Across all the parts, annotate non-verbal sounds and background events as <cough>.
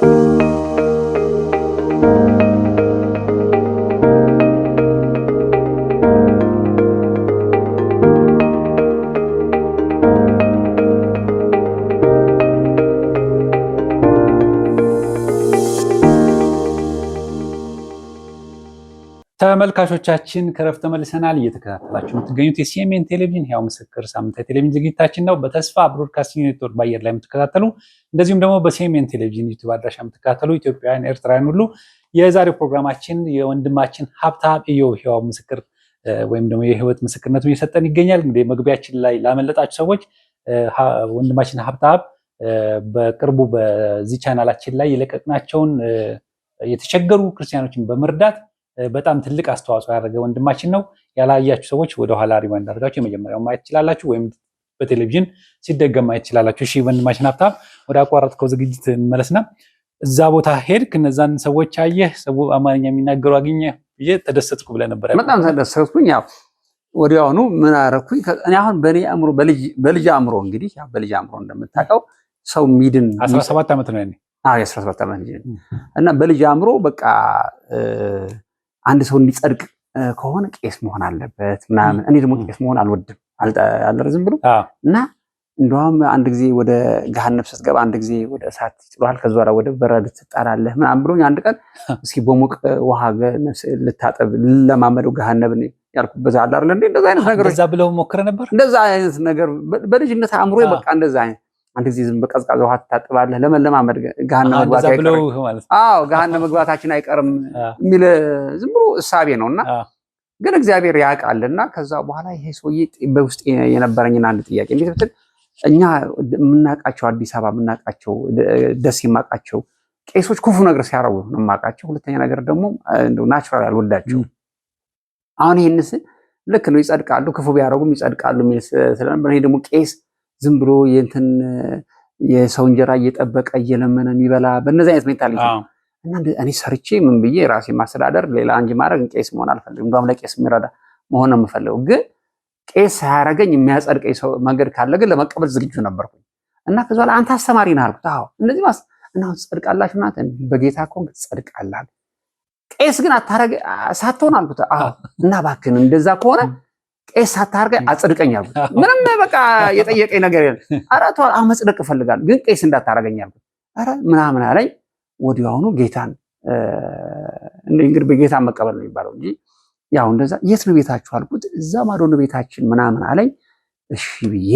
Thank you. ተመልካቾቻችን ከረፍት ተመልሰናል። እየተከታተላችሁ የምትገኙት የሲኤምኤን ቴሌቪዥን ህያው ምስክር ሳምንታዊ ቴሌቪዥን ዝግጅታችን ነው። በተስፋ ብሮድካስቲንግ ኔትወርክ በአየር ላይ የምትከታተሉ እንደዚሁም ደግሞ በሲኤምኤን ቴሌቪዥን ዩቲዩብ አድራሻ የምትከታተሉ ኢትዮጵያውያን፣ ኤርትራውያን ሁሉ የዛሬው ፕሮግራማችን የወንድማችን ሀብታም ኢዮብ ህያው ምስክር ወይም ደግሞ የህይወት ምስክርነቱ እየሰጠን ይገኛል። እንግዲህ መግቢያችን ላይ ላመለጣችሁ ሰዎች ወንድማችን ሀብታም በቅርቡ በዚህ ቻናላችን ላይ የለቀቅናቸውን የተቸገሩ ክርስቲያኖችን በመርዳት በጣም ትልቅ አስተዋጽኦ ያደረገ ወንድማችን ነው። ያላያችሁ ሰዎች ወደኋላ ሪማይንድ አድርጋችሁ የመጀመሪያው ማየት ትችላላችሁ፣ ወይም በቴሌቪዥን ሲደገም ማየት ትችላላችሁ። እሺ ወንድማችን ሀብታም ወደ አቋረጥከው ዝግጅት እንመለስና እዛ ቦታ ሄድክ፣ እነዛን ሰዎች አየህ፣ ሰው አማርኛ የሚናገሩ አገኘህ ብዬ ተደሰትኩ ብለህ ነበር። በጣም ተደሰትኩኝ። ያው ወዲያውኑ ምን አደረኩኝ? እኔ አሁን በእኔ አእምሮ በልጅ አእምሮ እንግዲህ በልጅ አእምሮ እንደምታውቀው ሰው ሚድን 17 ዓመት ነው ያኔ። አዎ የ17 ዓመት እና በልጅ አእምሮ በቃ አንድ ሰው እንዲጸድቅ ከሆነ ቄስ መሆን አለበት ምናምን። እኔ ደግሞ ቄስ መሆን አልወድም አልረዝም ብሎ እና እንደውም አንድ ጊዜ ወደ ገሃነብ ስትገባ አንድ ጊዜ ወደ እሳት ይጥሏል፣ ከዛ ላ ወደ በረድ ትጣላለህ ምናምን ብሎ አንድ ቀን እስኪ በሙቅ ውሃ ልታጠብ ልለማመደው ገሃነብ ያልኩ በዛ አለ አለ እንደዛ አይነት ነገር ብለው ሞክረ ነበር። እንደዛ አይነት ነገር በልጅነት አእምሮ በቃ እንደዛ አይነት አንድ ጊዜ ዝም በቀዝቃዛ ውሃ ትታጥባለህ፣ ለመለማመድ ገሃነም መግባት አይቀርም። አዎ መግባታችን አይቀርም የሚል ዝም ብሎ እሳቤ ነውና ግን እግዚአብሔር ያውቃልና ከዛ በኋላ ይሄ ሰውዬ በውስጥ የነበረኝን አንድ ጥያቄ እንዴት ብትል እኛ የምናውቃቸው አዲስ አበባ የምናውቃቸው ደስ የማውቃቸው ቄሶች ክፉ ነገር ሲያረጉ ነው የማውቃቸው። ሁለተኛ ነገር ደግሞ እንደው ናቹራል አልወዳቸው። አሁን ይሄንስ ልክ ነው ይጸድቃሉ፣ ክፉ ቢያረጉም ይጸድቃሉ የሚል ስለነበር ይሄ ደግሞ ቄስ ዝም ብሎ የእንትን የሰው እንጀራ እየጠበቀ እየለመነ የሚበላ በነዚህ አይነት ሜንታሊቲ እና እኔ ሰርቼ ምን ብዬ ራሴ ማስተዳደር ሌላ እንጂ ማድረግ ቄስ መሆን አልፈልግም። እንዲያውም ለቄስ የሚረዳ መሆን ነው የምፈልገው። ግን ቄስ ሳያረገኝ የሚያጸድቀኝ ሰው መንገድ ካለ ግን ለመቀበል ዝግጁ ነበርኩኝ። እና ከዚ በኋላ አንተ አስተማሪ ነህ አልኩት። አዎ እንደዚህ ማስ እና ትጸድቃላችሁ እናንተ በጌታ ኮን ትጸድቃላል። ቄስ ግን ሳትሆን አልኩት። አዎ እና እባክህን እንደዛ ከሆነ ቄስ ሳታርገኝ አጽድቀኝ አልኩት። ምንም በቃ የጠየቀኝ ነገር የለም። ኧረ ተው መጽደቅ እፈልጋለሁ ግን ቄስ እንዳታረገኝ አልኩት። ኧረ ምናምን አለኝ። ወዲያውኑ ጌታን እንግዲህ በጌታን መቀበል ነው የሚባለው እንጂ ያው እንደዛ የት ነው ቤታችሁ አልኩት። እዛ ማዶ ነው ቤታችን ምናምን አለኝ። እሺ ብዬ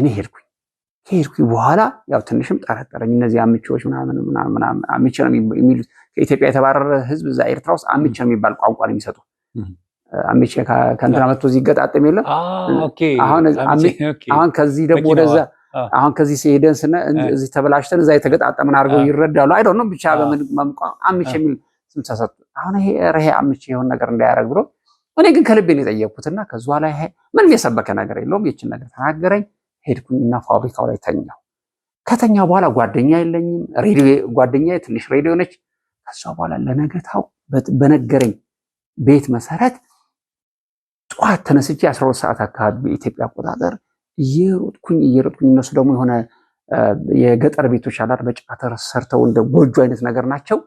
እኔ ሄድኩኝ። ከሄድኩኝ በኋላ ያው ትንሽም ጠረጠረኝ። እነዚህ አምቼዎች ምናምን ምናምን አምቼ ነው የሚሉት። ከኢትዮጵያ የተባረረ ህዝብ እዛ ኤርትራ ውስጥ አምቼ ነው የሚባል ቋንቋ ነው የሚሰጡ አሚቼ ከእንትና መጥቶ እዚህ ይገጣጠም የለም። አሁን ከዚህ ደግሞ ወደዛ አሁን ከዚህ ሲሄደን ስነ እዚህ ተበላሽተን እዛ የተገጣጠምን አድርገው ይረዳሉ። አይ ነው ብቻ በምንቋ አሚቼ የሚል ስም ተሰጡ። አሁን ይሄ ረሄ አሚቼ የሆን ነገር እንዳያደርግ ብሎ እኔ ግን ከልቤን የጠየቅኩትና ከዚ ላይ ምንም የሰበከ ነገር የለውም። ይችን ነገር ተናገረኝ። ሄድኩኝና ፋብሪካው ላይ ተኛው። ከተኛው በኋላ ጓደኛ የለኝም። ሬዲዮ ጓደኛ ትንሽ ሬዲዮ ነች። ከዛ በኋላ ለነገታው በነገረኝ ቤት መሰረት ጠዋት ተነስቼ 12 ሰዓት አካባቢ በኢትዮጵያ አቆጣጠር እየሮጥኩኝ እየሮጥኩኝ እነሱ ደግሞ የሆነ የገጠር ቤቶች አላት በጫተር ሰርተው እንደ ጎጆ አይነት ነገር ናቸው።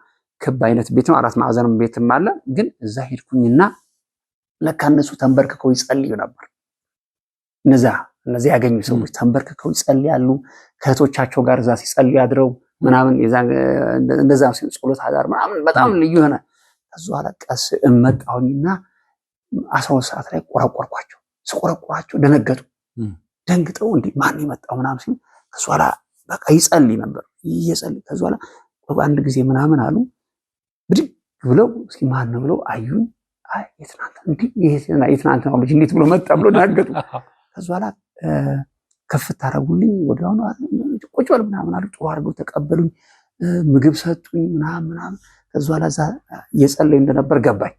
ክብ አይነት ቤት ነው። አራት ማዕዘንም ቤትም አለ። ግን እዛ ሄድኩኝና ለካ እነሱ ተንበርክከው ይጸልዩ ነበር። እነዛ እነዚህ ያገኙ ሰዎች ተንበርክከው ይጸልያሉ። ከእህቶቻቸው ጋር እዛ ሲጸልዩ ያድረው ምናምን እንደዛ ጸሎት አዳር ምናምን በጣም ልዩ የሆነ ከዚ በኋላ ቀስ እመጣሁኝና አስራ ሁለት ሰዓት ላይ ቆረቆርኳቸው። ስቆረቆራቸው ደነገጡ። ደንግጠው እንዲህ ማን የመጣው ምናምን ሲሉ ከዚ በኋላ በቃ ይጸልይ ነበር እየጸልይ ከዚ በኋላ አንድ ጊዜ ምናምን አሉ ብድግ ብለው እስኪ ማን ነው ብለው አዩን። ነው ልጅ እንዴት ብሎ መጣ ብሎ ደነገጡ። ከዚ በኋላ ከፍት አደረጉልኝ። ወዲያውኑ ቁጭ በል ምናምን አሉ። ጥሩ አድርገው ተቀበሉኝ። ምግብ ሰጡኝ ምናምን ምናምን። ከዚ በኋላ እዛ እየጸለይ እንደነበር ገባኝ።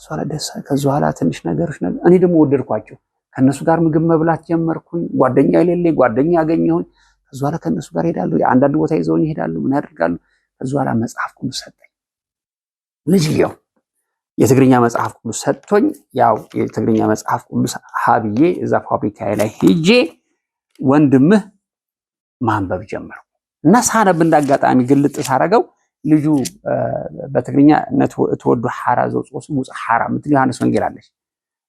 ከዚ ኋላ ደስ ከዚ ኋላ ትንሽ ነገሮች ነገር እኔ ደግሞ ወደድኳቸው። ከእነሱ ጋር ምግብ መብላት ጀመርኩኝ። ጓደኛ የሌለኝ ጓደኛ አገኘሁኝ። ከዚ ኋላ ከእነሱ ጋር ሄዳሉ። አንዳንድ ቦታ ይዘውኝ ይሄዳሉ። ምን ያደርጋሉ? ከዚ ኋላ መጽሐፍ ቅዱስ ሰጠኝ። ልጅ ሊየው የትግርኛ መጽሐፍ ቅዱስ ሰጥቶኝ ያው የትግርኛ መጽሐፍ ቅዱስ ሀብዬ እዛ ፋብሪካ ላይ ሄጄ ወንድምህ ማንበብ ጀመርኩ እና ሳነብ እንዳጋጣሚ ግልጥ ሳረገው ልጁ በትግርኛ ተወዱ ሓራ ዘውፅስ ውፅ ሓራ ምትል ዮሐንስ ወንጌል አለች።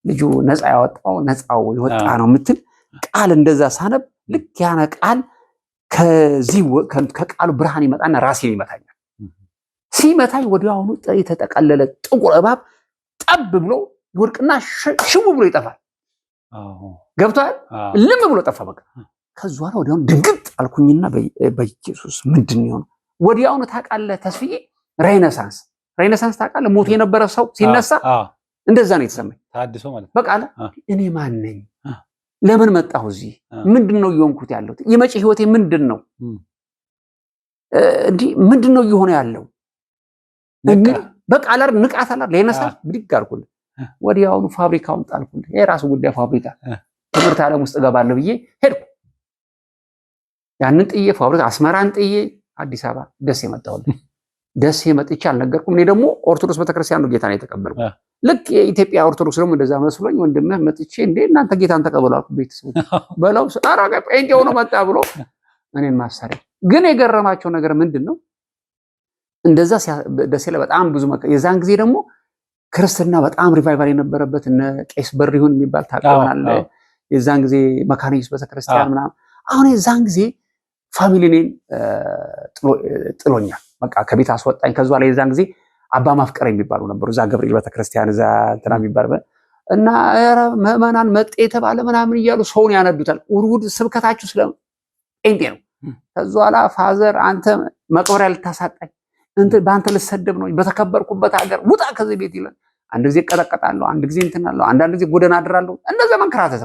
ልጁ ነፃ ያወጣው ነፃው የወጣ ነው ምትል ቃል እንደዛ ሳነብ ልክ ያነ ቃል ከዚህ ከቃሉ ብርሃን ይመጣና ራሴን ይመታኛል። ሲመታኝ ወዲያውኑ የተጠቀለለ ጥቁር እባብ ጠብ ብሎ ይወድቅና ሽው ብሎ ይጠፋል። ገብቷል። ልም ብሎ ጠፋ። በቃ ኋላ ወዲያውኑ ድንግጥ አልኩኝና በኢየሱስ ምንድን የሆነው ወዲያውኑ ታውቃለህ ተስፍዬ ሬኔሳንስ ሬኔሳንስ ታውቃለህ ሞት የነበረ ሰው ሲነሳ እንደዛ ነው የተሰማኝ። ታድሶ ማለት በቃ አለ እኔ ማን ነኝ? ለምን መጣሁ እዚህ? ምንድን ነው እየሆንኩት ያለሁት? የመጪ ህይወቴ ምንድን ነው? እንዲህ ምንድን ነው እየሆነ ያለው? በቃ አላር ንቃት አላር ሬኔሳንስ ብድግ አልኩልህ። ወዲያውኑ ፋብሪካውን ጣልኩልህ። የራሱ ጉዳይ ፋብሪካ ትምህርት ዓለም ውስጥ እገባለሁ ብዬ ሄድኩ። ያንን ጥዬ ፋብሪካ አስመራን ጥዬ አዲስ አበባ ደሴ መጣሁልኝ። ደሴ መጥቼ አልነገርኩም። እኔ ደግሞ ኦርቶዶክስ ቤተክርስቲያን ነው ጌታን የተቀበልኩ። ልክ የኢትዮጵያ ኦርቶዶክስ ደግሞ እንደዛ መስሎኝ ወንድምህ መጥቼ እንዴ እናንተ ጌታን ተቀበሉ አልኩ። ቤተሰቦች በለው አራቀ ጴንጤ ሆኖ መጣ ብሎ እኔን ማሰሪያ። ግን የገረማቸው ነገር ምንድን ነው? እንደዛ ደሴ ላይ በጣም ብዙ የዛን ጊዜ ደግሞ ክርስትና በጣም ሪቫይቫል የነበረበት እነ ቄስ በር ይሁን የሚባል ታውቀዋለህ? የዛን ጊዜ መካነ ኢየሱስ ቤተክርስቲያን ምናምን አሁን የዛን ጊዜ ፋሚሊ እኔን ጥሎኛል፣ በቃ ከቤት አስወጣኝ። ከዛ ላይ የዛን ጊዜ አባ ማፍቀር የሚባሉ ነበሩ፣ እዛ ገብርኤል ቤተክርስቲያን፣ እዛ እንትና የሚባል እና ምዕመናን መጤ የተባለ ምናምን እያሉ ሰውን ያነዱታል። ውድውድ ስብከታችሁ ስለ ጴንጤ ነው። ከዚ ኋላ ፋዘር አንተ መቅበሪያ ልታሳጣኝ በአንተ ልሰደብ ነው በተከበርኩበት ሀገር ውጣ ከዚህ ቤት ይለን። አንድ ጊዜ እቀጠቀጣለሁ፣ አንድ ጊዜ እንትናለሁ፣ አንዳንድ ጊዜ ጎደና አድራለሁ። እንደዚ መንከራተት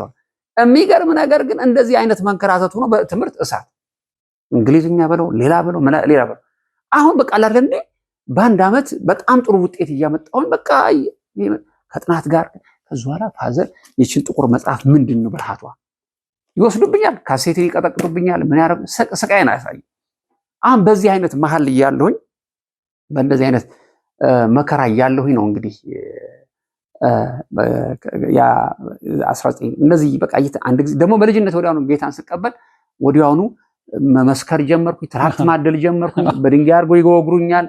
የሚገርም ነገር ግን እንደዚህ አይነት መንከራተት ሆኖ በትምህርት እሳት እንግሊዝኛ በለው ሌላ በለው ሌላ በለው አሁን በቃ አላለ በአንድ ዓመት በጣም ጥሩ ውጤት እያመጣሁን በቃ ከጥናት ጋር ከዚ በኋላ ፋዘር ይችን ጥቁር መጽሐፍ ምንድን ነው ብልሃቷ ይወስዱብኛል፣ ካሴት ይቀጠቅጡብኛል፣ ምን ያደረጉ ስቃይን አያሳይ። አሁን በዚህ አይነት መሀል እያለሁኝ በእንደዚህ አይነት መከራ እያለሁኝ ነው እንግዲህ እነዚህ በቃ አንድ ጊዜ ደግሞ በልጅነት ወዲያውኑ ጌታን ስቀበል ወዲያውኑ መመስከር ጀመርኩ። ትራክት ማደል ጀመርኩ። በድንጋይ አድርጎ ይገወግሩኛል።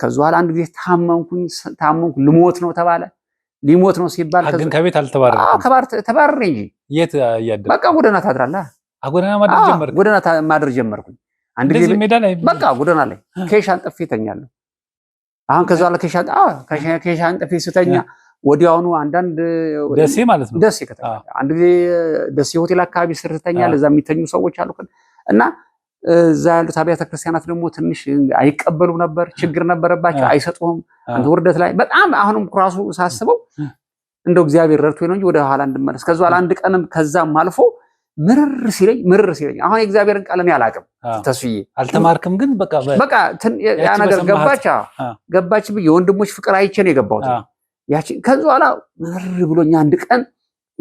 ከዚ በኋላ አንድ ጊዜ ታመምኩኝ። ታመምኩ ልሞት ነው ተባለ። ሊሞት ነው ሲባል ግን ከቤት አልተባረርኩም። እንጂ የት እያደረ በቃ ጎዳና ታድራለ። ጎዳና ማደር ጀመርኩኝ። አንድ ጊዜ በቃ ጎዳና ላይ ኬሻን ጥፌ እተኛለሁ። አሁን ከዛ በኋላ ኬሻን ጥፌ ስተኛ ወዲያውኑ አንዳንድ ደሴ ማለት ነው ደሴ ከተማ አንድ ጊዜ ደሴ ሆቴል አካባቢ ስር ትተኛል። እዛ የሚተኙ ሰዎች አሉ እና እዛ ያሉት አብያተ ክርስቲያናት ደግሞ ትንሽ አይቀበሉ ነበር፣ ችግር ነበረባቸው፣ አይሰጡም። አንተ ውርደት ላይ በጣም አሁንም ራሱ ሳስበው እንደው እግዚአብሔር ረድቶ ነው እንጂ ወደ ኋላ እንድመለስ ከዚ አንድ ቀንም ከዛም አልፎ ምርር ሲለኝ ምርር ሲለኝ አሁን የእግዚአብሔርን ቃል እኔ አላቅም። ተስዬ አልተማርክም፣ ግን በቃ ያ ነገር ገባች ገባች። የወንድሞች ፍቅር አይቼ ነው የገባሁት ያቺ ከዚ በኋላ ምር ብሎኛ አንድ ቀን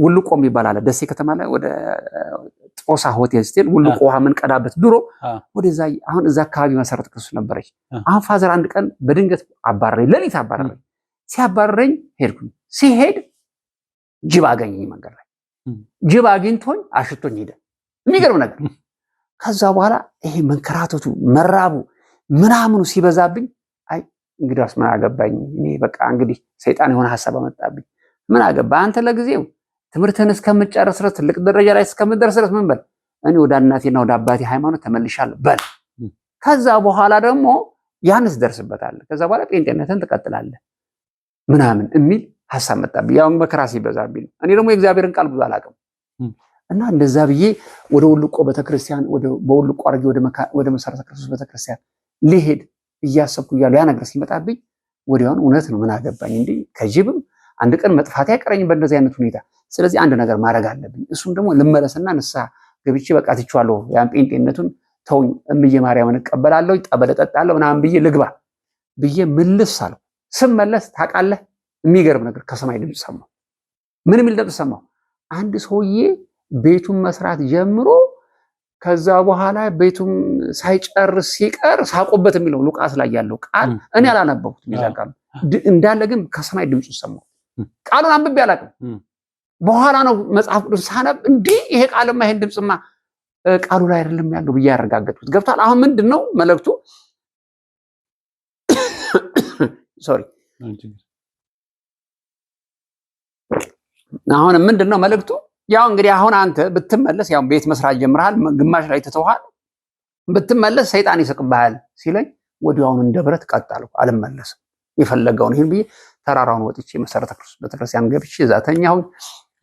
ውልቆ የሚባል አለ ደሴ ከተማ ላይ ወደ ጦሳ ሆቴል ስትሄድ ውልቆ ውሃ ምንቀዳበት ድሮ ወደዛ አሁን እዛ አካባቢ መሰረት ክርስቶስ ነበረች። አሁን ፋዘር አንድ ቀን በድንገት አባረረኝ፣ ሌሊት አባረረኝ። ሲያባረረኝ ሄድኩኝ። ሲሄድ ጅብ አገኘኝ መንገድ ላይ ጅብ አግኝቶኝ አሽቶኝ ሄደ። የሚገርም ነገር ከዛ በኋላ ይሄ መንከራተቱ መራቡ ምናምኑ ሲበዛብኝ እንግዲያስ ምን አገባኝ እኔ በቃ እንግዲህ ሰይጣን የሆነ ሀሳብ አመጣብኝ። ምን አገባ አንተ ለጊዜው ትምህርትህን እስከምጨርስ ድረስ ትልቅ ደረጃ ላይ እስከምደርስ ድረስ ምን በል እኔ ወደ እናቴና ወደ አባቴ ሃይማኖት ተመልሻለሁ በል። ከዛ በኋላ ደግሞ ያንስ ደርስበታል። ከዛ በኋላ ጴንጤነትን ትቀጥላለህ ምናምን የሚል ሀሳብ መጣብኝ። ያው መከራ ሲበዛብኝ እኔ ደግሞ የእግዚአብሔርን ቃል ብዙ አላውቅም እና እንደዛ ብዬ ወደ ውልቆ ቤተክርስቲያን በውልቆ አድርጌ ወደ መሰረተ ክርስቶስ ቤተክርስቲያን ሊሄድ እያሰብኩ እያለሁ ያ ነገር ሲመጣብኝ ወዲያውን እውነት ነው ምን አገባኝ ከጅብም አንድ ቀን መጥፋት አይቀረኝም በእንደዚህ አይነት ሁኔታ። ስለዚህ አንድ ነገር ማድረግ አለብኝ። እሱም ደግሞ ልመለስና ንስሐ ገብቼ በቃ ትችዋለሁ፣ ያን ጴንጤነቱን ተውኝ፣ እምዬ ማርያምን እቀበላለሁ፣ ጠበል እጠጣለሁ ምናምን ብዬ ልግባ ብዬ ምልስ አለው። ስመለስ ታውቃለህ፣ የሚገርም ነገር ከሰማይ ድምፅ ሰማሁ። ምን የሚል ድምፅ ሰማሁ? አንድ ሰውዬ ቤቱን መስራት ጀምሮ ከዛ በኋላ ቤቱም ሳይጨርስ ሲቀር ሳቁበት የሚለው ሉቃስ ላይ ያለው ቃል እኔ አላነበብኩት ሚዛ ቃሉ እንዳለ ግን ከሰማይ ድምፁ ሰማሁ። ቃሉን አንብቤ አላውቅም። በኋላ ነው መጽሐፍ ቅዱስ ሳነብ እንዲህ ይሄ ቃልማ ይሄን ድምፅማ ቃሉ ላይ አይደለም ያለው ብዬ ያረጋገጥኩት። ገብቷል። አሁን ምንድን ነው መልእክቱ? ሶሪ አሁን ምንድን ነው መልእክቱ? ያው እንግዲህ አሁን አንተ ብትመለስ ያው ቤት መስራት ጀምረሃል፣ ግማሽ ላይ ትተውሃል። ብትመለስ ሰይጣን ይስቅብሃል ሲለኝ ወዲያውኑ እንደ ብረት ቀጣልኩ። አልመለስም የፈለገውን ይህን ብዬ ተራራውን ወጥቼ መሰረተ ክርስቶስ ቤተክርስቲያን ገብቼ እዛ ተኛሁኝ።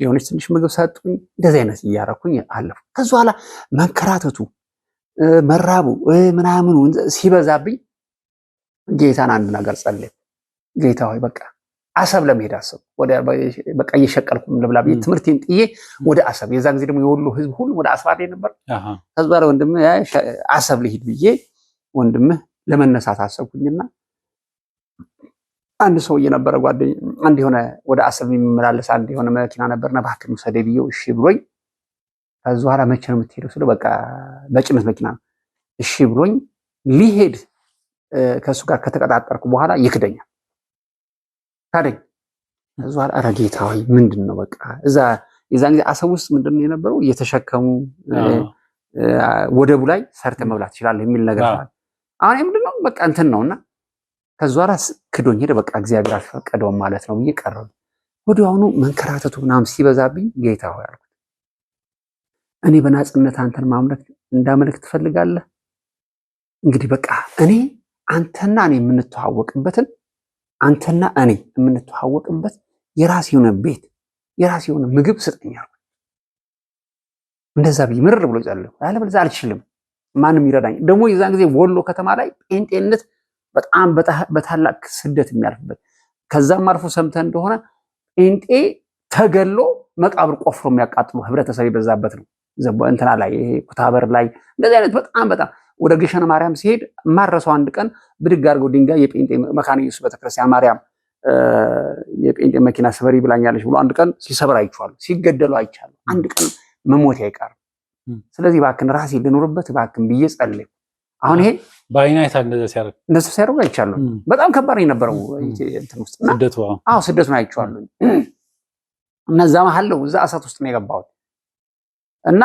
የሆነች ትንሽ ምግብ ሰጡኝ። እንደዚህ አይነት እያረኩኝ አለፉ። ከዚ በኋላ መንከራተቱ መራቡ ምናምኑ ሲበዛብኝ ጌታን አንድ ነገር ጸለይ። ጌታ ሆይ በቃ አሰብ ለመሄድ አሰብ በቃ እየሸቀልኩ ልብላ ብዬ ትምህርቴን ጥዬ ወደ አሰብ የዛን ጊዜ ደግሞ የወሎ ህዝብ ሁሉ ወደ አስራ ላይ ነበር። ከዛ ወንድም አሰብ ልሂድ ብዬ ወንድምህ ለመነሳት አሰብኩኝና አንድ ሰው እየነበረ ጓደኛዬ፣ አንድ የሆነ ወደ አሰብ የሚመላለስ አንድ የሆነ መኪና ና ባክ ሰደ ብዬው እሺ ብሎኝ፣ ከዚ በኋላ መቼ ነው የምትሄደው ስለ በቃ በጭነት መኪና ነው እሺ ብሎኝ ሊሄድ ከእሱ ጋር ከተቀጣጠርኩ በኋላ ይክደኛል ታደግ እዟል። ኧረ ጌታ ምንድን ነው በቃ እዛ የዛን ጊዜ አሰብ ውስጥ ምንድን ነው የነበረው እየተሸከሙ ወደቡ ላይ ሰርተን መብላት ይችላል የሚል ነገር አሁን ምንድን ነው በቃ እንትን እና ከዛ ራስ ክዶኝ ሄደ። በቃ እግዚአብሔር አልፈቀደውም ማለት ነው ብዬ ቀረው። ወዲያውኑ መንከራተቱ ምናምን ሲበዛብኝ ጌታ ሆይ አልኩት፣ እኔ በናጽነት አንተን ማምለክ እንዳመልክ ትፈልጋለህ? እንግዲህ በቃ እኔ አንተና እኔ የምንተዋወቅበትን አንተና እኔ የምንተዋወቅበት የራስ የሆነ ቤት የራስ የሆነ ምግብ ስጠኝ አልኩት። እንደዛ ብዬ ምርር ብሎ ጸለይኩ። አለበለዚያ አልችልም፣ ማንም ይረዳኝ። ደግሞ የዛን ጊዜ ወሎ ከተማ ላይ ጴንጤነት በጣም በታላቅ ስደት የሚያልፍበት ከዛም አልፎ ሰምተ እንደሆነ ጴንጤ ተገሎ መቃብር ቆፍሮ የሚያቃጥሉ ህብረተሰብ የበዛበት ነው። እንትና ላይ ኩታበር ላይ እንደዚህ አይነት በጣም በጣም ወደ ግሸን ማርያም ሲሄድ ማረሰው አንድ ቀን ብድግ አድርገው ድንጋይ የጴንጤ መካነ ኢየሱስ ቤተክርስቲያን ማርያም የጴንጤ መኪና ስበሪ ብላኛለች ብሎ አንድ ቀን ሲሰብር አይቼዋለሁ። ሲገደሉ አይቻለሁ። አንድ ቀን መሞት አይቀርም። ስለዚህ ባክን ራሴ ልኖርበት ባክን ብዬ ጸልይ አሁን ይሄ በአይና ይታል እንደዛ ሲያደርግ እነሱ ሲያደርጉ አይቻሉ። በጣም ከባድ ነው የነበረው እንትን ውስጥ ስደቱ። አዎ ስደቱን አይቼዋለሁ። እና እዛ መሀል ነው እዛ እሳት ውስጥ ነው የገባሁት እና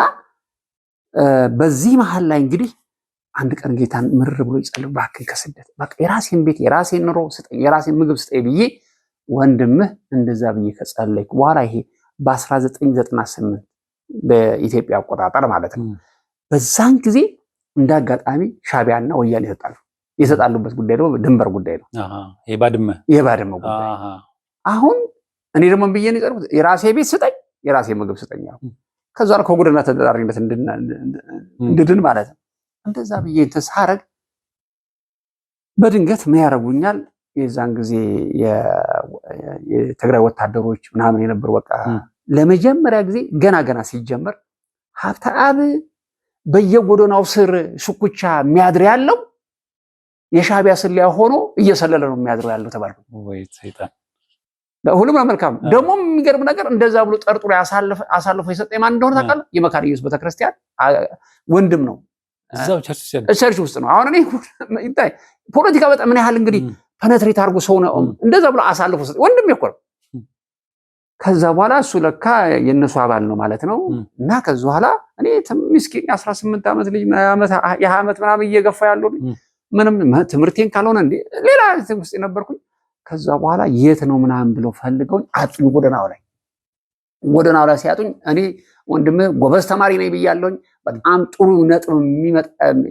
በዚህ መሀል ላይ እንግዲህ አንድ ቀን ጌታን ምር ብሎ ይጸልዩ ባክን ከስደት በቃ የራሴን ቤት የራሴን ኑሮ ስጠኝ የራሴን ምግብ ስጠኝ ብዬ ወንድምህ እንደዛ ብዬ ከጸለይኩ በኋላ ይሄ በ1998 በኢትዮጵያ አቆጣጠር ማለት ነው። በዛን ጊዜ እንደ አጋጣሚ ሻቢያና ወያኔ ይሰጣሉ። የሰጣሉበት ጉዳይ ደግሞ ድንበር ጉዳይ ነው። የባድመ የባድመ ጉዳይ አሁን እኔ ደግሞ ብዬ ነው የራሴ ቤት ስጠኝ የራሴ ምግብ ስጠኝ ከዛ ከጉድና ተደራሪነት እንድድን ማለት ነው። እንደዛ ብዬ ተሳረግ ሳረግ በድንገት ምን ያደርጉኛል? የዛን ጊዜ የትግራይ ወታደሮች ምናምን የነበሩ በቃ ለመጀመሪያ ጊዜ ገና ገና ሲጀመር ሀብተ አብ በየጎዶናው ስር ሽኩቻ የሚያድር ያለው የሻቢያ ስልያ ሆኖ እየሰለለ ነው የሚያድረው ያለው ተባልኩ። ሁሉም መልካም ደግሞ የሚገርም ነገር እንደዛ ብሎ ጠርጥሮ አሳልፎ የሰጠ ማን እንደሆነ ታውቃለህ? የመካነ ኢየሱስ ቤተክርስቲያን ወንድም ነው ቸርች ውስጥ ነው። አሁን እኔ ይታይ ፖለቲካ በጣም ምን ያህል እንግዲህ ፐነትሬት አድርጎ ሰው ነው እንደዛ ብሎ አሳልፎ ወንድም ይኮር ከዛ በኋላ እሱ ለካ የእነሱ አባል ነው ማለት ነው። እና ከዚ በኋላ እኔ ምስኪን አስራ ስምንት ዓመት ልጅ የሀያ ዓመት ምናምን እየገፋ ያለው ምንም ትምህርቴን ካልሆነ እንዲ ሌላ ውስጥ የነበርኩኝ ከዛ በኋላ የት ነው ምናምን ብለው ፈልገውኝ አጡኝ ጎደናው ላይ ጎደናው ላይ ሲያጡኝ እኔ ወንድም ጎበዝ ተማሪ ነኝ ብያለሁኝ በጣም ጥሩ ነጥብ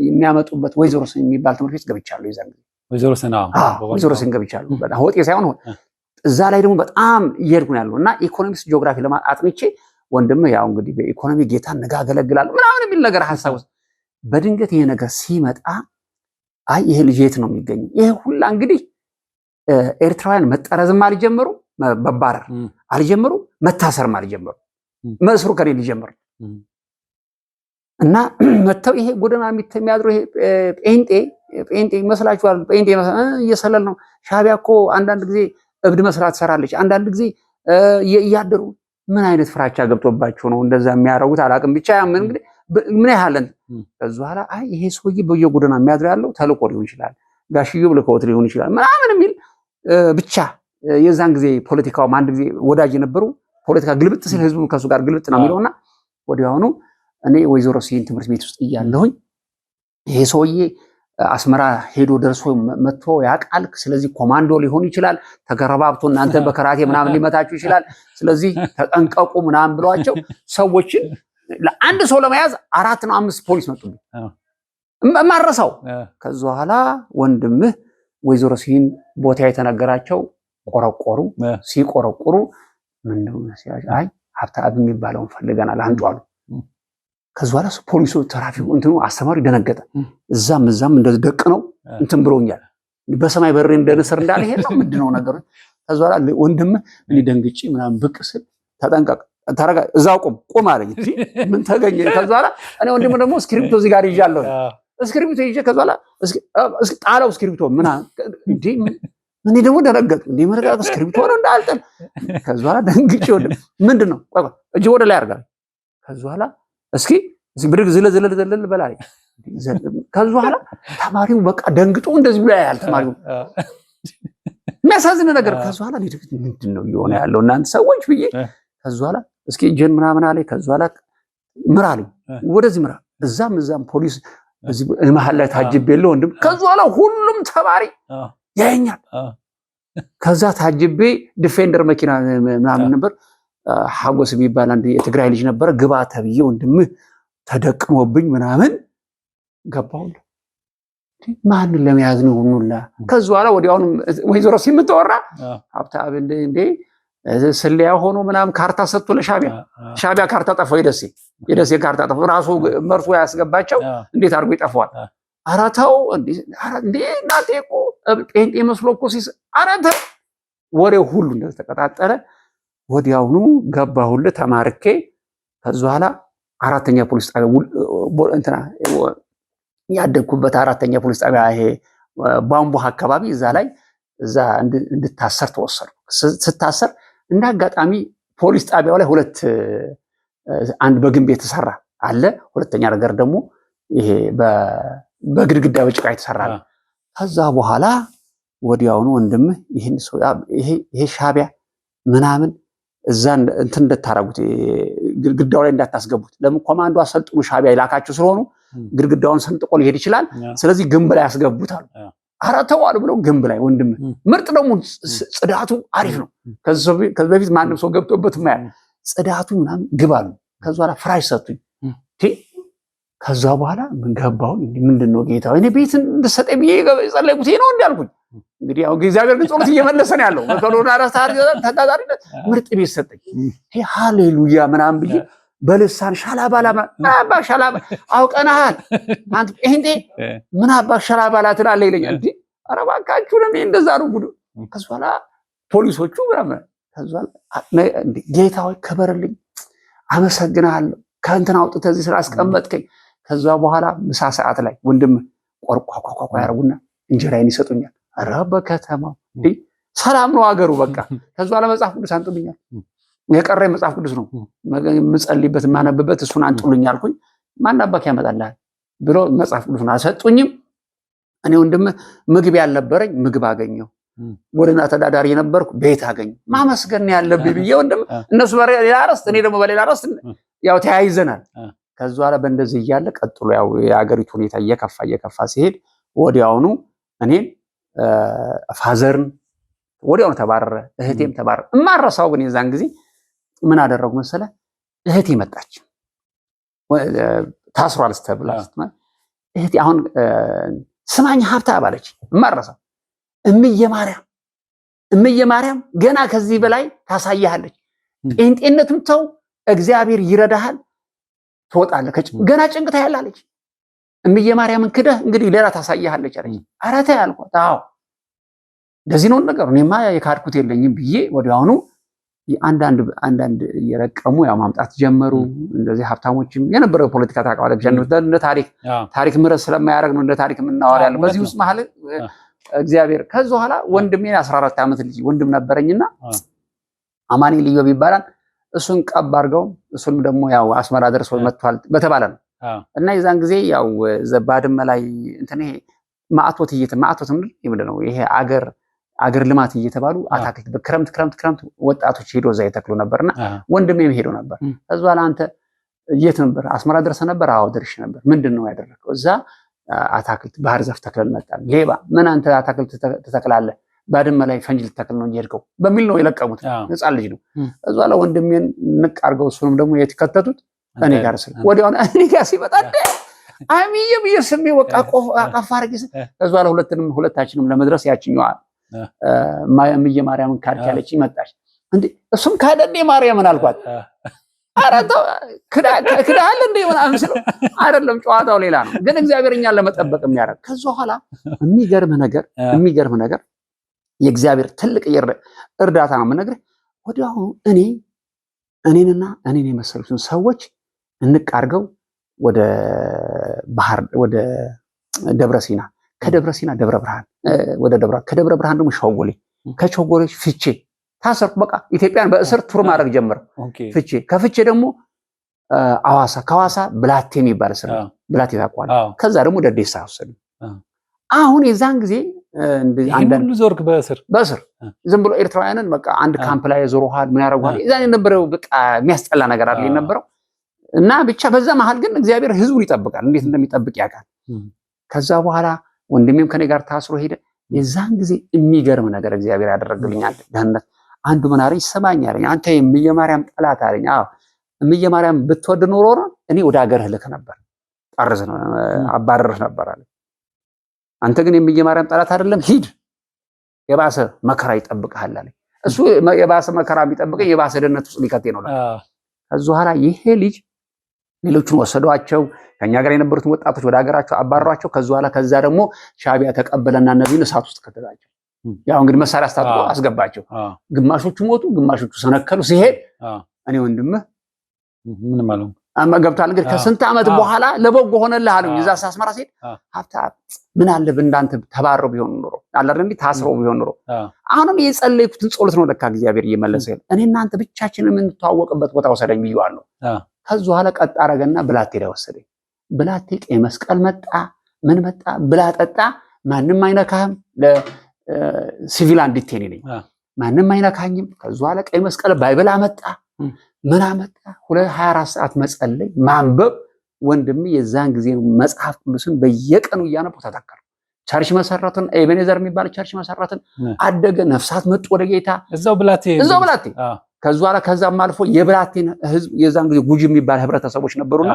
የሚያመጡበት ወይዘሮ ስን የሚባል ትምህርት ቤት ገብቻለሁ። ይዘን ወይዘሮ ስን ገብቻለሁ። ሆጤ ሳይሆን እዛ ላይ ደግሞ በጣም እየሄድኩ ነው ያለው እና ኢኮኖሚክስ ጂኦግራፊ አጥንቼ ወንድም ያው እንግዲህ በኢኮኖሚ ጌታ እነጋገለግላለሁ ምናምን የሚል ነገር ሀሳብ ውስጥ በድንገት ይሄ ነገር ሲመጣ አይ ይሄ ልጅ የት ነው የሚገኘው? ይሄ ሁላ እንግዲህ ኤርትራውያን መጠረዝም አልጀመሩ፣ መባረር አልጀመሩ፣ መታሰርም አልጀመሩ። መስሩ ከኔ ሊጀምር እና መተው ይሄ ጎዳና የሚያድሩ ይሄ ጴንጤ ጴንጤ ይመስላችኋል? ጴንጤ እየሰለል ነው። ሻዕቢያ እኮ አንዳንድ ጊዜ እብድ መስራት ትሰራለች። አንዳንድ ጊዜ እያደሩ ምን አይነት ፍራቻ ገብቶባቸው ነው እንደዛ የሚያረጉት? አላቅም ብቻ ያምን እንግዲህ ምን ያህልን ከዚ በኋላ አይ ይሄ ሰውዬ በየጎዳና የሚያድሩ ያለው ተልቆ ሊሆን ይችላል፣ ጋሽዩ ልከውት ሊሆን ይችላል ምናምን የሚል ብቻ የዛን ጊዜ ፖለቲካውም አንድ ጊዜ ወዳጅ የነበሩ ፖለቲካ ግልብጥ ሲል ህዝቡ ከሱ ጋር ግልብጥ ነው የሚለውና ወዲያውኑ እኔ ወይዘሮ ስዬን ትምህርት ቤት ውስጥ እያለሁኝ ይሄ ሰውዬ አስመራ ሄዶ ደርሶ መጥቶ ያውቃል። ስለዚህ ኮማንዶ ሊሆን ይችላል። ተገረባብቶ እናንተ በከራቴ ምናምን ሊመታችሁ ይችላል። ስለዚህ ተጠንቀቁ ምናምን ብሏቸው ሰዎችን ለአንድ ሰው ለመያዝ አራት ነው አምስት ፖሊስ መጡብኝ። ማረሳው ከዚ በኋላ ወንድምህ ወይዘሮ ስዬን ቦታ የተነገራቸው ቆረቆሩ። ምንድ ምንድነው አይ ሀብተአብ የሚባለውን ፈልገናል አንዱ አሉ ከዚ በኋላ ፖሊሱ ትራፊኩ እንትኑ አስተማሪ ደነገጠ። እዛም እዛም እንደደቅ ነው እንትን ብሎኛል። በሰማይ በሬ እንደንስር እንዳለ ይሄ ነው ምንድን ነው ከዚ በኋላ ወንድም እኔ ደንግጬ ምናምን ብቅ ስል ተጠንቀቅ፣ ተረጋ፣ እዛው ቁም ቁም አለኝ። ምን ተገኘ? ከዚ ኋላ እኔ ወንድም ደግሞ እስክሪብቶ እዚህ ጋር ይዣለሁ። እስክሪብቶ ይዤ ከዚ ኋላ ጣለው እስክሪብቶ ምና እንዲህ እኔ ደግሞ ደነገጥኩ። እንዲህ መረጋ እስክሪብቶ ነው እንዳልጠል ከዚ ኋላ ደንግጬ ወደ ምንድን ነው እጅ ወደ ላይ አድርጋ ከዚ ኋላ እስኪ ብድግ ዝለ ዝለ ዘለል በላይ ከዚ በኋላ ተማሪው በቃ ደንግጦ እንደዚህ ብሎ ያያል። ተማሪው የሚያሳዝን ነገር ከዚ በኋላ ድግት ምንድን ነው እየሆነ ያለው እናንተ ሰዎች ብዬ ከዚ በኋላ እስኪ እጄን ምናምን አለ። ከዚ በኋላ ምራ አለኝ፣ ወደዚህ ምራ፣ እዛም እዛም ፖሊስ መሀል ላይ ታጅብ የለ ወንድም። ከዚ በኋላ ሁሉም ተማሪ ያየኛል። ከዛ ታጅቤ ዲፌንደር መኪና ምናምን ነበር ሐጎስ የሚባል አንድ የትግራይ ልጅ ነበረ። ግባ ተብዬ ወንድምህ ተደቅሞብኝ ምናምን ገባሁል። ማንን ለመያዝ ነው ሁኑላ። ከዚ በኋላ ወዲያውኑ ወይዘሮ ሲምትወራ ሀብተአብ እንዴ ስለያ ሆኖ ምናምን ካርታ ሰጥቶ ለሻቢያ ሻቢያ ካርታ ጠፋው። የደሴ የደሴ ካርታ ጠፋው። ራሱ መርሶ ያስገባቸው እንዴት አድርጎ ይጠፋዋል? ኧረ እንዴ እናቴ እኮ ጴንጤ መስሎ እኮ ሲስ ኧረ ወሬ ሁሉ እንደተቀጣጠለ ወዲያውኑ ገባሁልህ ተማርኬ ከዚ በኋላ አራተኛ ፖሊስ ጣቢያ ያደግኩበት አራተኛ ፖሊስ ጣቢያ ይሄ ባምቡህ አካባቢ እዛ ላይ እዛ እንድታሰር ተወሰኑ። ስታሰር እንደ አጋጣሚ ፖሊስ ጣቢያው ላይ ሁለት አንድ በግንብ የተሰራ አለ፣ ሁለተኛ ነገር ደግሞ ይሄ በግድግዳ በጭቃ የተሰራ ነው። ከዛ በኋላ ወዲያውኑ ወንድምህ ይሄ ሻቢያ ምናምን እዛ እንትን እንዳታረጉት ግድግዳው ላይ እንዳታስገቡት። ለምን ኮማንዶ አሰልጥኑ ሻቢያ ይላካቸው ስለሆኑ ግድግዳውን ሰንጥቆ ሊሄድ ይችላል። ስለዚህ ግንብ ላይ ያስገቡታሉ። ኧረ አሉ ብለው ግንብ ላይ ወንድም ምርጥ ደግሞ ጽዳቱ አሪፍ ነው። ከዚህ በፊት ማንም ሰው ገብቶበት ማያ ጽዳቱ ምናምን ግብ አሉ። ከዚ በኋላ ፍራሽ ሰጡኝ። ከዛ በኋላ ምን ምንድን ነው ጌታ ቤት እንድሰጠ ብዬ የጸለይኩት ነው እንዲያልኩኝ እንግዲህ ያው እግዚአብሔር ግን ጸሎት እየመለሰ ነው ያለው። መከዶና ረሳር ተጋዛሪነት ምርጥ ቤት ሰጠኝ። ሃሌሉያ ምናምን ብዬ በልሳን ሻላባላ ምናባ ሻላባ አውቀናሃል አንተ እንዴ ምናባ ሻላባላ ትላለህ ይለኛል። እንዴ ኧረ እባካችሁ ለምን እንደዛ ነው ጉዱ። ከዛ በኋላ ፖሊሶቹ ምናምን ከዛ ጌታ ሆይ ከበርልኝ፣ አመሰግናለሁ ከእንትን አውጥተህ እዚህ ስራ አስቀመጥከኝ። ከዛ በኋላ ምሳ ሰዓት ላይ ወንድም ቆርቋቋቋ ያደርጉና እንጀራዬን ይሰጡኛል። ኧረ በከተማው ሰላም ነው አገሩ። በቃ ከዚ በኋላ መጽሐፍ ቅዱስ አንጡልኛል። የቀረ መጽሐፍ ቅዱስ ነው የምጸልይበት የማነብበት፣ እሱን አንጡልኝ አልኩኝ። ማን አባክ ያመጣልሃል ብሎ መጽሐፍ ቅዱስን አልሰጡኝም። እኔ ወንድም ምግብ ያልነበረኝ ምግብ አገኘው፣ ጎዳና ተዳዳሪ የነበርኩ ቤት አገኘው። ማመስገን ያለብኝ ብዬ ወንድም እነሱ በሌላ ረስት፣ እኔ ደግሞ በሌላ ረስት ያው ተያይዘናል። ከዚ በኋላ በእንደዚህ እያለ ቀጥሎ ያው የአገሪቱ ሁኔታ እየከፋ እየከፋ ሲሄድ ወዲያውኑ እኔን ፋዘርን ወዲያውኑ ተባረረ። እህቴም ተባረረ። እማረሳው ግን የዛን ጊዜ ምን አደረጉ መሰለ? እህቴ መጣች። ታስሯል ስተብላ እህቴ አሁን ስማኝ ሀብታ ባለች እማረሳው እምዬ ማርያም እምዬ ማርያም ገና ከዚህ በላይ ታሳያለች። ጴንጤነቱን ተው፣ እግዚአብሔር ይረዳሃል፣ ትወጣለህ። ገና ጭንቅታ ያላለች እምዬ ማርያምን ክደህ እንግዲህ ሌላ ታሳያለች አለኝ። ኧረ ተይ አልኳት። አዎ እንደዚህ ነው ነገሩ። እኔማ የካድኩት የለኝም ብዬ ወዲያውኑ አንዳንድ እየረቀሙ ያው ማምጣት ጀመሩ። እንደዚህ ሀብታሞችም የነበረው ፖለቲካ ታውቃለህ፣ እንደ ታሪክ ታሪክ ምረት ስለማያደርግ ነው እንደ ታሪክ የምናወራ ያለ በዚህ ውስጥ መሀል እግዚአብሔር ከዚ በኋላ ወንድሜ 14 ዓመት ልጅ ወንድም ነበረኝና አማኔ ልዩ ይባላል። እሱን ቀብ አድርገው እሱንም ደግሞ ያው አስመራ ደርሶ መጥቷል በተባለ ነው እና የዛን ጊዜ ያው ዘባድመ ላይ እንትን ይሄ ማዕቶት እየተ ማዕቶት ምንድን ነው ይሄ አገር አገር ልማት እየተባሉ አታክልት በክረምት ክረምት ክረምት ወጣቶች ሄዶ እዛ ይተክሉ ነበርና ወንድሜም ሄዶ ነበር። ከዛ በኋላ አንተ የት ነበር? አስመራ ደርሰ ነበር? አዎ ደርሼ ነበር። ምንድን ነው ያደረገው? እዛ አታክልት ባህር ዛፍ ተክለን መጣን። ሌባ ምን አንተ አታክልት ትተክላለህ? ባድመ ላይ ፈንጅ ልተክል ነው እየሄድከው በሚል ነው የለቀሙት። ህፃን ልጅ ነው። እዛ ላይ ወንድሜን ንቅ አድርገው እሱንም ደግሞ የት ከተቱት እኔ ጋር ስለ ወዲያውኑ እኔ ጋር ሲመጣ አሚየ ብዬ ስሜ በቃ አቀፍ አድርጌ ከዛ በኋላ ሁለትንም ሁለታችንም ለመድረስ ያችኛዋ እምዬ ማርያምን ካድ ያለች መጣች። እንዴ እሱም ካደ እንዴ ማርያምን አልኳት። ኧረ ተው ክዳሃል እንዴ ምናምን ስለው አይደለም ጨዋታው ሌላ ነው፣ ግን እግዚአብሔር እኛን ለመጠበቅ የሚያደርግ ከዛ በኋላ የሚገርም ነገር የሚገርም ነገር የእግዚአብሔር ትልቅ እርዳታ ነው የምነግርህ። ወዲያው እኔ እኔንና እኔን የመሰሉትን ሰዎች እንቃርገው ወደ ባህር ወደ ደብረ ሲና ከደብረ ሲና ደብረ ብርሃን ወደ ደብረ ከደብረ ብርሃን ደግሞ ሸጎሌ ከሸጎሌ ፍቼ ታሰርኩ። በቃ ኢትዮጵያን በእስር ቱር ማድረግ ጀመረ። ፍቼ ከፍቼ ደግሞ አዋሳ ከአዋሳ ብላቴ የሚባል እስር ብላቴ ታቋል። ከዛ ደግሞ ደዴሳ ወሰዱ። አሁን የዛን ጊዜ ሁሉ ዞርክ በእስር በእስር ዝም ብሎ ኤርትራውያንን በቃ አንድ ካምፕ ላይ ዞሮሃል። ምን ያደረጉል? የዛን የነበረው በቃ የሚያስጠላ ነገር አለ የነበረው እና ብቻ በዛ መሀል ግን እግዚአብሔር ህዝቡን ይጠብቃል። እንዴት እንደሚጠብቅ ያውቃል። ከዛ በኋላ ወንድሜም ከኔ ጋር ታስሮ ሄደ። የዛን ጊዜ የሚገርም ነገር እግዚአብሔር ያደረግልኛል። ደህንነት አንዱ ምን አለኝ ይሰማኝ አለኝ፣ አንተ እምዬ ማርያም ጠላት አለኝ። አዎ እምዬ ማርያም ብትወድ ኖሮ እኔ ወደ ሀገርህ ልክ ነበር፣ ጠርዝ አባረርህ ነበር አለ። አንተ ግን የእምዬ ማርያም ጠላት አይደለም፣ ሂድ፣ የባሰ መከራ ይጠብቅሃል አለኝ። እሱ የባሰ መከራ የሚጠብቀኝ የባሰ ደህንነት ውስጥ ሊከቴ ነው። ከዚ በኋላ ይሄ ልጅ ሌሎቹን ወሰዷቸው። ከኛ ጋር የነበሩትን ወጣቶች ወደ ሀገራቸው አባሯቸው። ከዚ በኋላ ከዛ ደግሞ ሻቢያ ተቀበለና እነዚህን እሳት ውስጥ ከተላቸው። ያው እንግዲህ መሳሪያ አስታጥቆ አስገባቸው። ግማሾቹ ሞቱ፣ ግማሾቹ ሰነከሉ። ሲሄድ እኔ ወንድምህ ምንም አለው ገብቷል። እንግዲህ ከስንት ዓመት በኋላ ለበጎ ሆነልህ አሉኝ። እዛ ሳስመራ ሲሄድ ሀብታም ምን አለ እንዳንተ ተባረው ቢሆን ኑሮ አለ ታስረው ቢሆን ኑሮ። አሁንም የጸለይኩትን ጸሎት ነው ለካ እግዚአብሔር እየመለሰ እኔ እናንተ ብቻችን የምንተዋወቅበት ቦታ ወሰደኝ ብዬዋለሁ። ከዚ በኋላ ቀጥ አረገና ብላቴ ላይ ወሰደኝ። ብላቴ ቀይ መስቀል መጣ፣ ምን መጣ፣ ብላ ጠጣ፣ ማንም አይነካህም። ሲቪል አንዲቴን ነኝ፣ ማንም አይነካኝም። ከዚ በኋላ ቀይ መስቀል ባይብል አመጣ፣ ምን አመጣ፣ ሁለት ሀያ ሰዓት መጸለይ፣ ማንበብ። ወንድሜ የዛን ጊዜ መጽሐፍ ቅዱስን በየቀኑ እያነበው ተተከሉ። ቸርች መሰረትን፣ ኤቤኔዘር የሚባል ቸርች መሰረትን። አደገ፣ ነፍሳት መጡ ወደ ጌታ እዛው ብላቴ እዛው ብላቴ ከዚ በኋላ ከዛም አልፎ የብላቴን ህዝብ የዛን ጊዜ ጉጂ የሚባል ህብረተሰቦች ነበሩና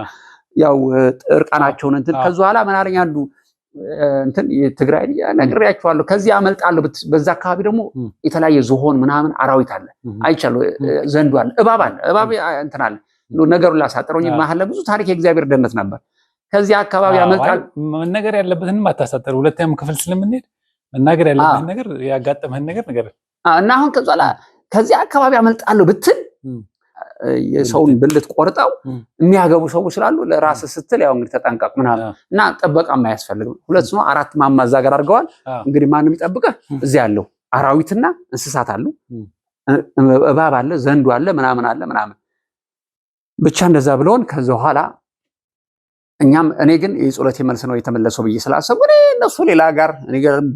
ያው እርቃናቸውን እንትን ከዚ በኋላ ምን አለኝ አንዱ እንትን ትግራይ ነግሬያቸዋለሁ። ከዚህ አመልጣለሁ። በዛ አካባቢ ደግሞ የተለያየ ዝሆን ምናምን አራዊት አለ አይቻለሁ። ዘንዱ አለ፣ እባብ አለ፣ እባብ እንትን አለ። ነገሩን ላሳጠረው መሀል ለብዙ ታሪክ የእግዚአብሔር ደነት ነበር። ከዚህ አካባቢ አመልጣለሁ። መነገር ያለበትንም አታሳጠር። ሁለተኛም ክፍል ስለምንሄድ መናገር ያለብህን ነገር ያጋጠመህን ነገር ነገር እና አሁን ከዛ ከዚህ አካባቢ አመልጣለሁ ብትል የሰውን ብልት ቆርጠው የሚያገቡ ሰው ስላሉ ለራስ ስትል ያው እንግዲህ ተጠንቀቅ ምናምን እና ጥበቃ የማያስፈልግም። ሁለት ነው አራት ማማ እዛ ጋር አድርገዋል። እንግዲህ ማንም ይጠብቀህ። እዚህ ያለው አራዊትና እንስሳት አሉ፣ እባብ አለ፣ ዘንዱ አለ፣ ምናምን አለ ምናምን ብቻ እንደዛ ብለውን ከዚ በኋላ እኛም እኔ ግን የጸሎቴ መልስ ነው የተመለሰው ብዬ ስላሰቡ እኔ እነሱ ሌላ ጋር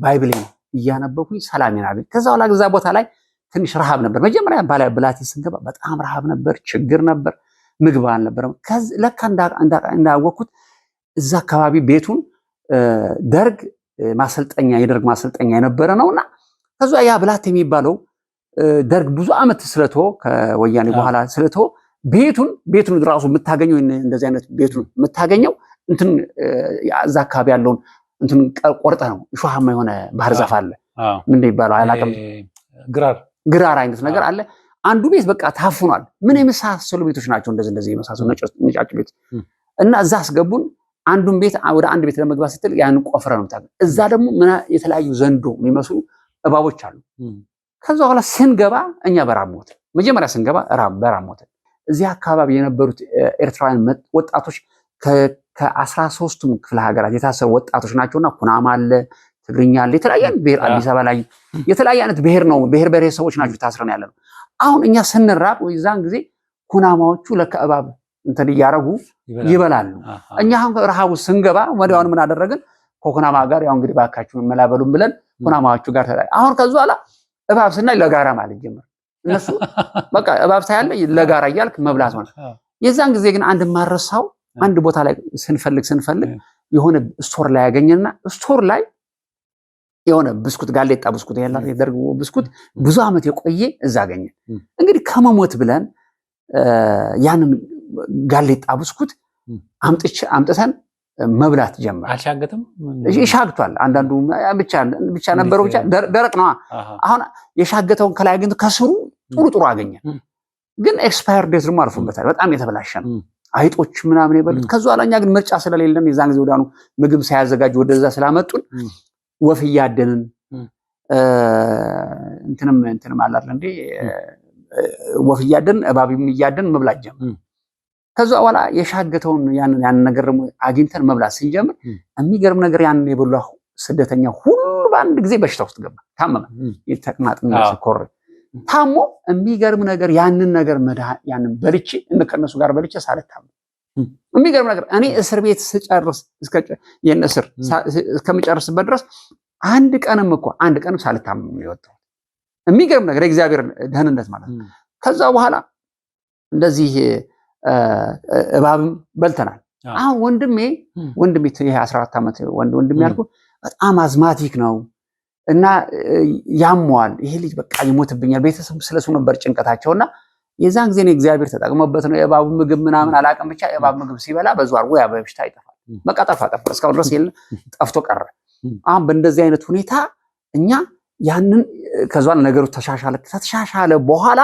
ባይብል እያነበኩኝ ሰላም ይናገኝ ከዛ በኋላ ቦታ ላይ ትንሽ ረሃብ ነበር። መጀመሪያ ብላት ስንገባ በጣም ረሃብ ነበር፣ ችግር ነበር፣ ምግብ አልነበረም። ለካ እንዳወቅኩት እዛ አካባቢ ቤቱን ደርግ ማሰልጠኛ የደርግ ማሰልጠኛ የነበረ ነውና ከዛ ያ ብላት የሚባለው ደርግ ብዙ ዓመት ስለቶ ከወያኔ በኋላ ስለቶ ቤቱን ቤቱን ራሱ የምታገኘው እንደዚህ አይነት ቤቱን የምታገኘው እንትን እዛ አካባቢ ያለውን እንትን ቆርጠ ነው። እሾሃማ የሆነ ባህር ዛፍ አለ። ምንድን ይባለው አላውቅም ግራር ግራር አይነት ነገር አለ። አንዱ ቤት በቃ ታፍኗል። ምን የመሳሰሉ ቤቶች ናቸው እንደዚህ እንደዚህ የመሳሰሉ ነጫጭ ቤት እና እዛ አስገቡን። አንዱን ቤት ወደ አንድ ቤት ለመግባት ስትል ያን ቆፍረ ነው ታገ እዛ ደግሞ የተለያዩ ዘንዶ የሚመስሉ እባቦች አሉ። ከዛ በኋላ ስንገባ እኛ በራብ ሞት መጀመሪያ ስንገባ በራብ ሞት። እዚህ አካባቢ የነበሩት ኤርትራውያን ወጣቶች ከአስራ ሶስቱም ክፍለ ሀገራት የታሰሩ ወጣቶች ናቸውና ኩናማ አለ፣ ትግርኛ አለ፣ የተለያየ ብሔር አዲስ አበባ ላይ የተለያየ አይነት ብሔር ነው። ብሔር ብሔረሰቦች ናቸው ታስረን ያለ ነው። አሁን እኛ ስንራብ ወይዛን ጊዜ ኩናማዎቹ ለካ እባብ እንትን እያረጉ ይበላሉ። እኛ አሁን ረሃቡ ስንገባ ወዲያውኑ ምን አደረግን? ከኩናማ ጋር ያው እንግዲህ ባካችሁ መላበሉም ብለን ኩናማዎቹ ጋር ተላይ አሁን ከዚ በኋላ እባብ ስናይ ለጋራ ማለት ጀመር። እነሱ <laughs> በቃ እባብ ሳያለ ለጋራ እያልክ መብላት ሆነ። የዛን ጊዜ ግን አንድ ማረሳው አንድ ቦታ ላይ ስንፈልግ ስንፈልግ የሆነ ስቶር ላይ ያገኘና ስቶር ላይ የሆነ ብስኩት ጋሌጣ ብስኩት ያላ የደርግ ብስኩት ብዙ ዓመት የቆየ እዛ አገኘ። እንግዲህ ከመሞት ብለን ያንን ጋሌጣ ብስኩት አምጥቼ አምጥተን መብላት ጀመር። አልሻገትም ይሻግቷል። አንዳንዱ ብቻ ነበረው ብቻ ደረቅ ነዋ። አሁን የሻገተውን ከላይ አግኝቶ ከስሩ ጥሩ ጥሩ አገኘ። ግን ኤክስፓየር ዴት ደግሞ አልፎበታል። በጣም የተበላሸ ነው። አይጦች ምናምን የበሉት ከዛ ኋላ እኛ ግን ምርጫ ስለሌለን የዛን ጊዜ ወዳኑ ምግብ ሳያዘጋጅ ወደዛ ስላመጡን ወፍ እያደንን እንትንም እንትንም አላለ እንዴ ወፍ እያደን እባቢም እያደን መብላት ጀምር። ከዛ በኋላ የሻገተውን ያንን ያንን ነገር አግኝተን መብላት ስንጀምር የሚገርም ነገር ያንን የበላ ስደተኛ ሁሉ በአንድ ጊዜ በሽታ ውስጥ ገባ፣ ታመመ። ተቅማጥ ስኮር ታሞ የሚገርም ነገር ያንን ነገር ያንን በልቼ ከነሱ ጋር በልቼ ሳልታመም የሚገርም ነገር እኔ እስር ቤት ስጨርስ ይህን እስር እስከምጨርስበት ድረስ አንድ ቀንም እኮ አንድ ቀንም ሳልታመም የወጣሁት የሚገርም ነገር የእግዚአብሔር ደህንነት ማለት ነው። ከዛ በኋላ እንደዚህ እባብም በልተናል። አሁን ወንድሜ ወንድሜ ይሄ 14 ዓመት ወንድ ወንድሜ ያልኩ በጣም አዝማቲክ ነው እና ያመዋል። ይሄ ልጅ በቃ ይሞትብኛል። ቤተሰብ ስለሱ ነበር ጭንቀታቸውና የዛን ጊዜ እግዚአብሔር ተጠቅሞበት ነው። የእባቡ ምግብ ምናምን አላቅም፣ ብቻ የእባብ ምግብ ሲበላ በዛር ወያ በሽታ ይጠፋል። በቃ ጠፋ ጠፋ፣ እስካሁን ድረስ የለ ጠፍቶ ቀረ። አሁን በእንደዚህ አይነት ሁኔታ እኛ ያንን ከዛን ነገሩ ተሻሻለ። ከተሻሻለ በኋላ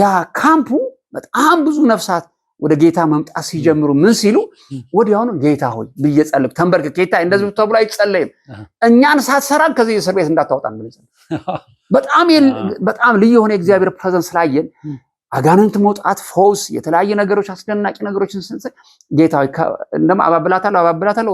ያ ካምፑ በጣም ብዙ ነፍሳት ወደ ጌታ መምጣት ሲጀምሩ ምን ሲሉ ወዲያውኑ ጌታ ሆይ ብዬ ጸልቅ ተንበርክ ጌታ እንደዚህ ተብሎ አይጸለይም። እኛን ሳትሰራን ከዚህ እስር ቤት እንዳታወጣ <laughs> በጣም ልዩ የሆነ የእግዚአብሔር ፕሬዘንስ ስላየን አጋንንት መውጣት፣ ፈውስ፣ የተለያየ ነገሮች አስደናቂ ነገሮችን ስንስል ጌታ እንደም አባብላታለሁ አባብላታለሁ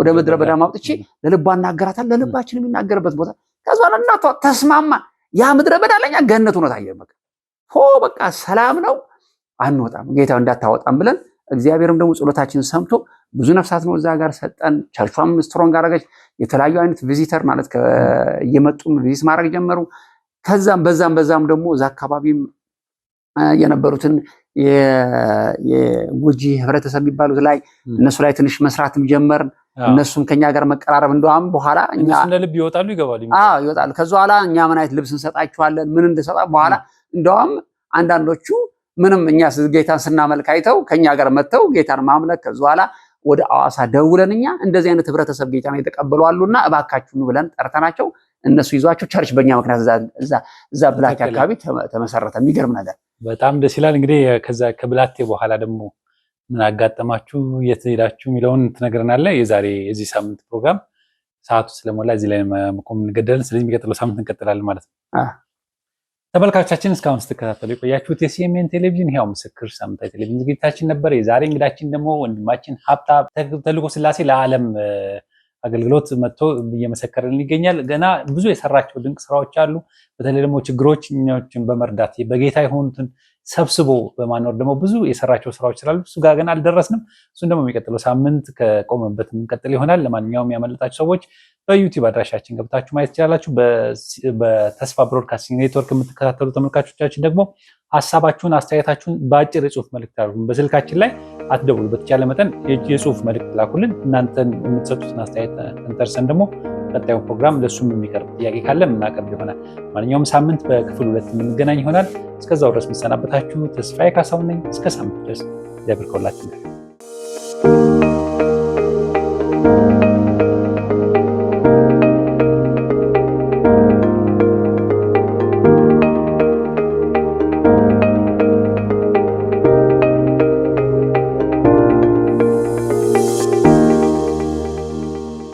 ወደ ምድረ በዳ ማውጥቼ ለልባ እናገራታለሁ። ለልባችን የሚናገርበት ቦታ ከዛን እናቷ ተስማማን። ያ ምድረ በዳ ለኛ ገነት ሆኖ ታየ። በቃ በቃ ሰላም ነው። አንወጣም ጌታ እንዳታወጣም ብለን እግዚአብሔርም ደግሞ ጸሎታችንን ሰምቶ ብዙ ነፍሳት ነው እዛ ጋር ሰጠን። ቸርቿም ስትሮንግ አረገች። የተለያዩ አይነት ቪዚተር ማለት እየመጡም ቪዚት ማድረግ ጀመሩ። ከዛም በዛም በዛም ደግሞ እዛ አካባቢም የነበሩትን የጉጂ ህብረተሰብ የሚባሉት ላይ እነሱ ላይ ትንሽ መስራትም ጀመር። እነሱም ከኛ ጋር መቀራረብ እንደም በኋላ እንደ ልብ ይወጣሉ ይገባሉ ይወጣሉ። ከዚ በኋላ እኛ ምን አይነት ልብስ እንሰጣችኋለን ምን እንደሰጣ በኋላ እንደም አንዳንዶቹ ምንም እኛ ጌታን ስናመልክ አይተው ከኛ ጋር መጥተው ጌታን ማምለክ ከዚ በኋላ ወደ አዋሳ ደውለን እኛ እንደዚህ አይነት ህብረተሰብ ጌታ ነው የተቀበሉ አሉና እባካችሁን ብለን ጠርተናቸው እነሱ ይዟቸው ቸርች በእኛ ምክንያት እዛ ብላክ አካባቢ ተመሰረተ። የሚገርም ነገር በጣም ደስ ይላል። እንግዲህ ከዛ ከብላቴ በኋላ ደግሞ ምን አጋጠማችሁ፣ የት ሄዳችሁ የሚለውን ትነግረናለህ። የዛሬ የዚህ ሳምንት ፕሮግራም ሰዓቱ ስለሞላ እዚህ ላይ መቆም እንገደለን። ስለዚህ የሚቀጥለው ሳምንት እንቀጥላለን ማለት ነው። ተመልካቾቻችን እስካሁን ስትከታተሉ የቆያችሁት የሲኤምኤን ቴሌቪዥን ያው ምስክር ሳምንታዊ ቴሌቪዥን ዝግጅታችን ነበር። የዛሬ እንግዳችን ደግሞ ወንድማችን ሀብታ ተልቆ ስላሴ ለዓለም አገልግሎት መጥቶ እየመሰከረልን ይገኛል። ገና ብዙ የሰራቸው ድንቅ ስራዎች አሉ። በተለይ ደግሞ ችግረኞችን በመርዳት በጌታ የሆኑትን ሰብስቦ በማኖር ደግሞ ብዙ የሰራቸው ስራዎች ስላሉ እሱ ጋር ገና አልደረስንም። እሱን ደግሞ የሚቀጥለው ሳምንት ከቆመበት የምንቀጥል ይሆናል። ለማንኛውም ያመለጣችሁ ሰዎች በዩቲዩብ አድራሻችን ገብታችሁ ማየት ትችላላችሁ። በተስፋ ብሮድካስቲንግ ኔትወርክ የምትከታተሉ ተመልካቾቻችን ደግሞ ሀሳባችሁን፣ አስተያየታችሁን በአጭር የጽሁፍ መልእክት በስልካችን ላይ አትደውሉ። በተቻለ መጠን የጽሁፍ መልእክት ላኩልን። እናንተን የምትሰጡትን አስተያየት እንተርሰን ደግሞ ቀጣዩ ፕሮግራም ለእሱም የሚቀርብ ጥያቄ ካለ የምናቀርብ ይሆናል። ማንኛውም ሳምንት በክፍል ሁለት የምንገናኝ ይሆናል። እስከዛው ድረስ የምሰናበታችሁ ተስፋዬ ካሳሁን ነኝ። እስከ ሳምንት ድረስ እግዚአብሔር ከሁላችን ጋር